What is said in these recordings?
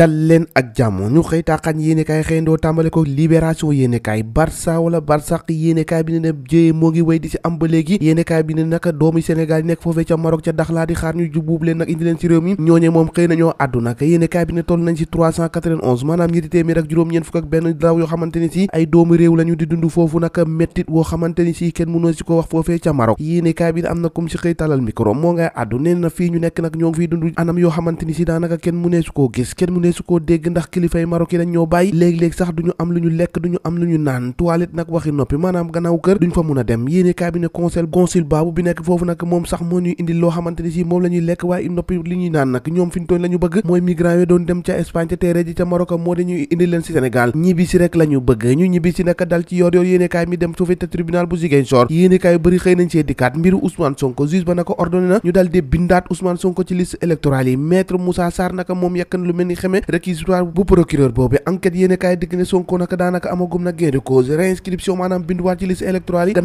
dal leen ak jàmm ñu xëy taaxaan yéenekaay xëyandoo bi ne ne jéyee moo ngi wéy di si am ba léegi yéenekaay bi ne naka doomu Sénégal yi nekk foofee ca Maroc ca Daxla di xaar ñu jubuub juróom-ñeent fukk ak benn daw yoo xamante si ay doomu réew la di dund foofu nag mettit woo xamante si kenn mënoo si ko wax foofee ca Maroc yéenekaay bi ne am na comme si xëy talal micro moo ngay àddu nee na fii ñu nekk nag ñoo ngi dund anam yoo xamante si daanaka kenn mënee su koo gis kenn mëneesu koo dégg ndax kilifay Maroc yi dañ ñoo bàyyi léeg-léeg sax du am lu ñu lekk du am lu ñu naan toilette nag waxi noppi maanaam gannaaw kër duñ fa mun a dem yéene kaay bi ne conseil consul nag moom sax bindaat Ousmane Sonko ci liste électorale yi maître Moussa Sarr naka moom yekkan lu mel ni xeme ne bu procureur boobu enquête yéen kaay dikk ne Sonko naka daanaka amagum na gain cause réinscription maanaam binduwaat ci liste électorale yi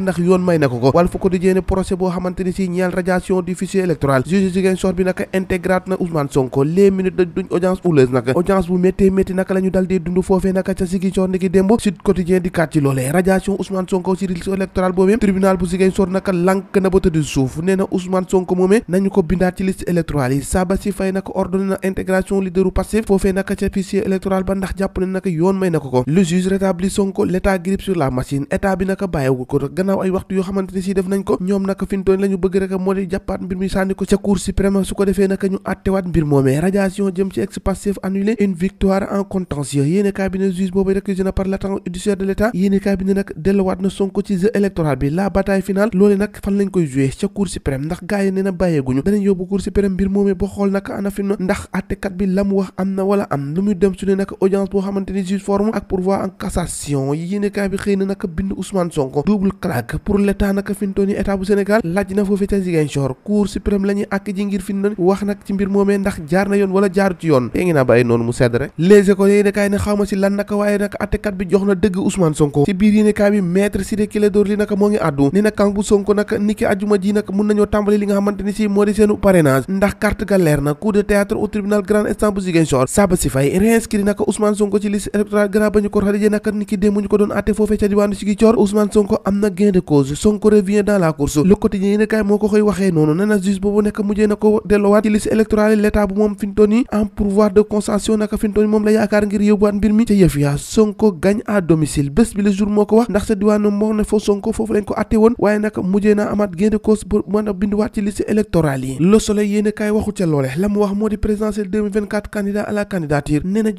ndax yoon may na ko ko wala ko di procès boo xamante si ñeel radiation du fichier électoral juge Ziguinchor bi naka intégrate na Ousmane Sonko les minutes duñ audience houleuse naka audience bu méttee métti naka la dal di dund foofee naka ca Ziguinchor ni ki démb Sud Quotidien di kat ci loolee radiation Ousmane Sonko ci liste électorale boobee tribunal bu Ziguinchor naka lànk na ba tëdd suuf nee na Ousmane moomee nañu ko bindaat ci liste électorale yi Sabassy Faye naka ordonné na intégration leaderu Pastef foofee naka ca fichier électoral ba ndax jàpp naka yoon may na ko ko le juge l'état grippe sur la machine état bi naka bàyyiwul ko gannaaw ay waxtu yoo xamante ne le juge boobu récusé na par l'attachement judiciaire de bi ne nag delluwaat na Sonko ci jeu électoral bi la bataille finale loole nag fan lañ koy joué ca cour ndax gars yi na bàyyeeguñu danañ yóbbu cour suprême mbir moomee ba xool nag ana fi ndax àttekat bi la mu wax am na wala am lu muy dem su ne audience boo xamante ni juge forme ak pourvoi en cassation yéenekaay bi xëy na nag bind Ousmane Sonko double claque pour l'État nag fin wax nag naka waaye naka attekat bi jox na dëgg Ousmane Sonko ci biir yéenekaay bi maître Ciré Clédor Ly naka moo ngi àddu ni nag kang bu Sonko naka niki ajuma ji nag mun bu ñu ko doon atte foofee ca diwaanu Ziguinchor Ousmane Sonko am na gain de cause Sonko revient dans la course le quotidien moo ko koy waxee noonu nana juge boobu nekk mujjee na ko dellowaat ci liste électorale l'état bu moom fintoon en pourvoir de concession naka fintoon Afia Sonko gagne à domicile bés bi le jour moo ko wax ndax sa moo ne foo Sonko foofu lañ ko atte woon waaye nag mujjee naa amaat gain de cause pour a binduwaat ci liste électorale yi Le Soleil waxu ca loole la mu wax moo di présidentielle 2024 candidat à la candidature nee na si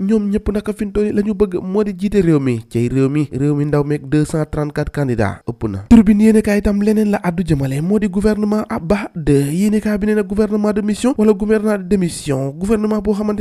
ñoom ñëpp naka fintoon yi bëgg moo di jiite réew mi cay réew mi réew mi ndaw meeg 234 candidats ëpp na Tribune yéen na gouvernement de mission gouvernement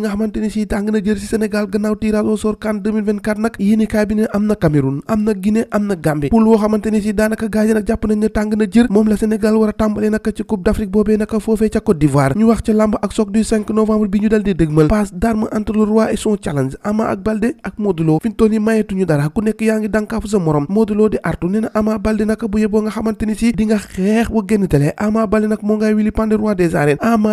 nag ca la Sénégal gannaaw tirage au nag yéene kaay bi ne am yi nag jàpp nañ ne tàng na jër moom la Sénégal war a tàmbalee nag ci Coupe d'Afrique boobee nag foofee ca Côte d'Ivoire ñu wax ca lamb ak choc du 5 novembre bi ñu dal di dëgmal passe d'armes entre le roi et son challenge Ama ak Balde ak Modou Lo fi ñu toll nii mayeetuñu dara ku nekk yaa ngi dànkaafu sa morom Modou Lo di artu nee na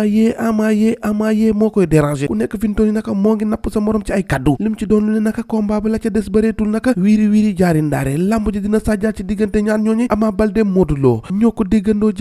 yee Ama yee Ama yee moo koy déranger ku nekk fi naka moo ngi napp sa morom ci ay kaddu lim ci doon lu ne naka combat ba la ca des bëreetul naka wiiri wiiri jaari ndaare ji dina sàjjaat ci diggante ñaar ñooñu Ama Balde Modou ñoo ko déggandoo